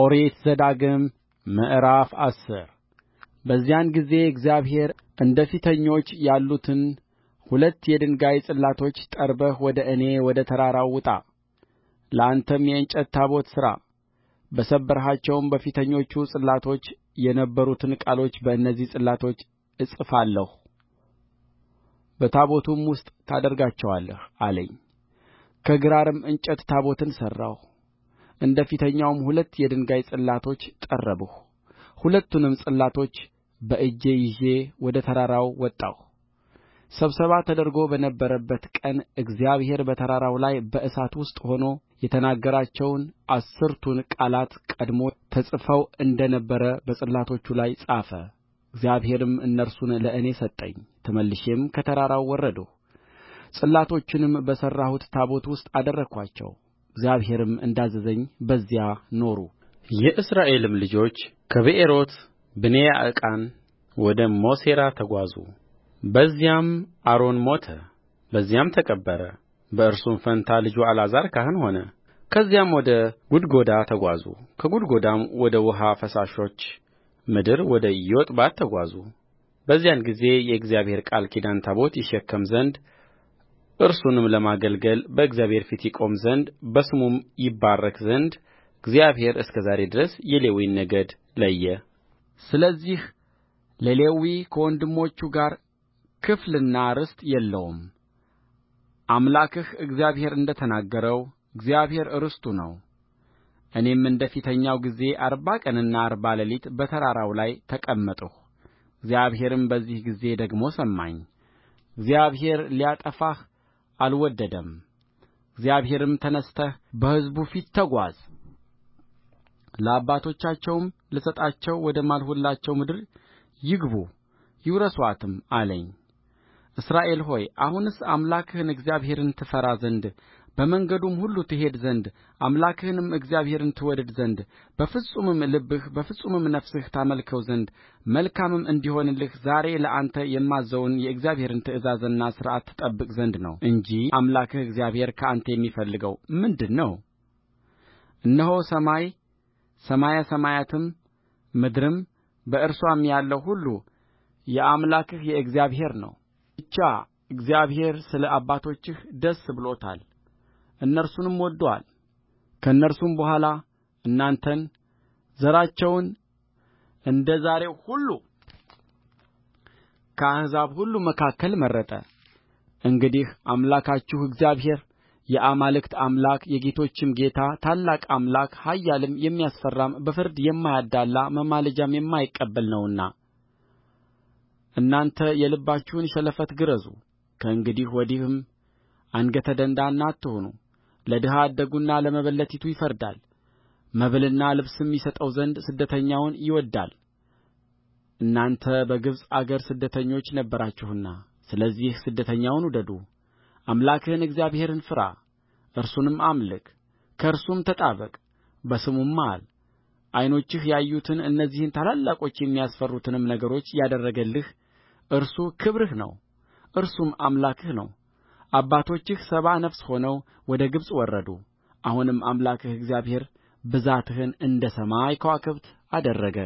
ኦሪት ዘዳግም ምዕራፍ አስር በዚያን ጊዜ እግዚአብሔር እንደ ፊተኞች ያሉትን ሁለት የድንጋይ ጽላቶች ጠርበህ ወደ እኔ ወደ ተራራው ውጣ ለአንተም የእንጨት ታቦት ሥራ በሰበርሃቸውም በፊተኞቹ ጽላቶች የነበሩትን ቃሎች በእነዚህ ጽላቶች እጽፋለሁ በታቦቱም ውስጥ ታደርጋቸዋለህ አለኝ ከግራርም እንጨት ታቦትን ሠራሁ እንደ ፊተኛውም ሁለት የድንጋይ ጽላቶች ጠረብሁ ሁለቱንም ጽላቶች በእጄ ይዤ ወደ ተራራው ወጣሁ ስብሰባ ተደርጎ በነበረበት ቀን እግዚአብሔር በተራራው ላይ በእሳት ውስጥ ሆኖ የተናገራቸውን አስርቱን ቃላት ቀድሞ ተጽፈው እንደ ነበረ በጽላቶቹ ላይ ጻፈ እግዚአብሔርም እነርሱን ለእኔ ሰጠኝ ተመልሼም ከተራራው ወረድሁ ጽላቶቹንም በሠራሁት ታቦት ውስጥ አደረግኋቸው እግዚአብሔርም እንዳዘዘኝ በዚያ ኖሩ የእስራኤልም ልጆች ከብኤሮት ብኔያዕቃን ወደ ሞሴራ ተጓዙ በዚያም አሮን ሞተ በዚያም ተቀበረ በእርሱም ፋንታ ልጁ አልዓዛር ካህን ሆነ ከዚያም ወደ ጉድጎዳ ተጓዙ ከጉድጎዳም ወደ ውኃ ፈሳሾች ምድር ወደ ዮጥባታ ተጓዙ በዚያን ጊዜ የእግዚአብሔር ቃል ኪዳን ታቦት ይሸከም ዘንድ እርሱንም ለማገልገል በእግዚአብሔር ፊት ይቆም ዘንድ በስሙም ይባረክ ዘንድ እግዚአብሔር እስከ ዛሬ ድረስ የሌዊን ነገድ ለየ ስለዚህ ለሌዊ ከወንድሞቹ ጋር ክፍልና ርስት የለውም አምላክህ እግዚአብሔር እንደ ተናገረው እግዚአብሔር ርስቱ ነው እኔም እንደ ፊተኛው ጊዜ አርባ ቀንና አርባ ሌሊት በተራራው ላይ ተቀመጥሁ እግዚአብሔርም በዚህ ጊዜ ደግሞ ሰማኝ እግዚአብሔር ሊያጠፋህ አልወደደም እግዚአብሔርም ተነሥተህ በሕዝቡ ፊት ተጓዝ ለአባቶቻቸውም ልሰጣቸው ወደ ማልሁላቸው ምድር ይግቡ ይውረሱአትም አለኝ እስራኤል ሆይ አሁንስ አምላክህን እግዚአብሔርን ትፈራ ዘንድ በመንገዱም ሁሉ ትሄድ ዘንድ አምላክህንም እግዚአብሔርን ትወድድ ዘንድ በፍጹምም ልብህ በፍጹምም ነፍስህ ታመልከው ዘንድ መልካምም እንዲሆንልህ ዛሬ ለአንተ የማዝዘውን የእግዚአብሔርን ትእዛዝና ሥርዓት ትጠብቅ ዘንድ ነው እንጂ አምላክህ እግዚአብሔር ከአንተ የሚፈልገው ምንድር ነው እነሆ ሰማይ ሰማየ ሰማያትም ምድርም በእርስዋም ያለው ሁሉ የአምላክህ የእግዚአብሔር ነው ብቻ እግዚአብሔር ስለ አባቶችህ ደስ ብሎታል እነርሱንም ወድዶአል ከእነርሱም በኋላ እናንተን ዘራቸውን እንደ ዛሬው ሁሉ ከአሕዛብ ሁሉ መካከል መረጠ እንግዲህ አምላካችሁ እግዚአብሔር የአማልክት አምላክ የጌቶችም ጌታ ታላቅ አምላክ ኃያልም የሚያስፈራም በፍርድ የማያደላ መማለጃም የማይቀበል ነውና እናንተ የልባችሁን ሸለፈት ግረዙ ከእንግዲህ ወዲህም አንገተ ደንዳና ለድሀ አደጉና ለመበለቲቱ ይፈርዳል መብልና ልብስም ይሰጠው ዘንድ ስደተኛውን ይወድዳል እናንተ በግብፅ አገር ስደተኞች ነበራችሁና ስለዚህ ስደተኛውን ውደዱ አምላክህን እግዚአብሔርን ፍራ እርሱንም አምልክ ከእርሱም ተጣበቅ በስሙም ማል ዓይኖችህ ያዩትን እነዚህን ታላላቆች የሚያስፈሩትንም ነገሮች ያደረገልህ እርሱ ክብርህ ነው እርሱም አምላክህ ነው አባቶችህ ሰባ ነፍስ ሆነው ወደ ግብፅ ወረዱ አሁንም አምላክህ እግዚአብሔር ብዛትህን እንደ ሰማይ ከዋክብት አደረገ